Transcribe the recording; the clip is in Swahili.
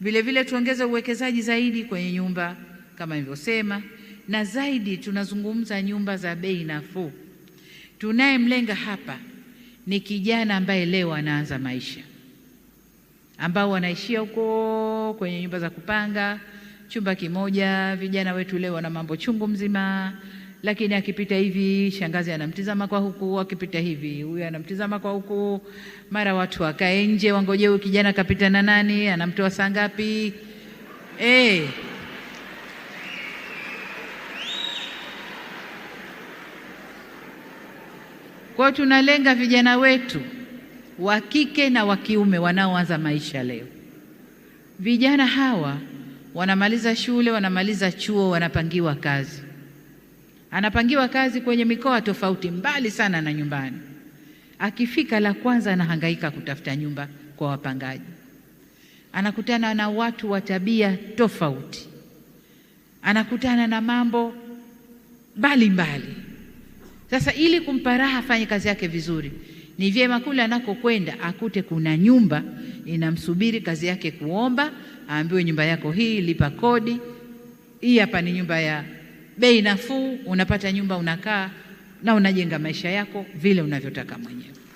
Vilevile tuongeze uwekezaji zaidi kwenye nyumba kama nilivyosema, na zaidi tunazungumza nyumba za bei nafuu. Tunayemlenga hapa ni kijana ambaye leo anaanza maisha, ambao wanaishia huko kwenye nyumba za kupanga chumba kimoja. Vijana wetu leo wana mambo chungu mzima lakini akipita hivi shangazi anamtizama kwa huku, akipita hivi huyu anamtizama kwa huku, mara watu wakae nje wangoje huyu kijana kapita na nani, anamtoa saa ngapi? Eh, kwa tunalenga vijana wetu wa kike na wa kiume wanaoanza maisha leo. Vijana hawa wanamaliza shule, wanamaliza chuo, wanapangiwa kazi anapangiwa kazi kwenye mikoa tofauti, mbali sana na nyumbani. Akifika la kwanza, anahangaika kutafuta nyumba kwa wapangaji, anakutana na watu wa tabia tofauti, anakutana na mambo mbalimbali. Sasa ili kumpa raha afanye kazi yake vizuri, ni vyema kule anakokwenda akute kuna nyumba inamsubiri, kazi yake kuomba, aambiwe nyumba yako hii, lipa kodi hii, hapa ni nyumba ya bei nafuu, unapata nyumba unakaa na unajenga maisha yako vile unavyotaka mwenyewe.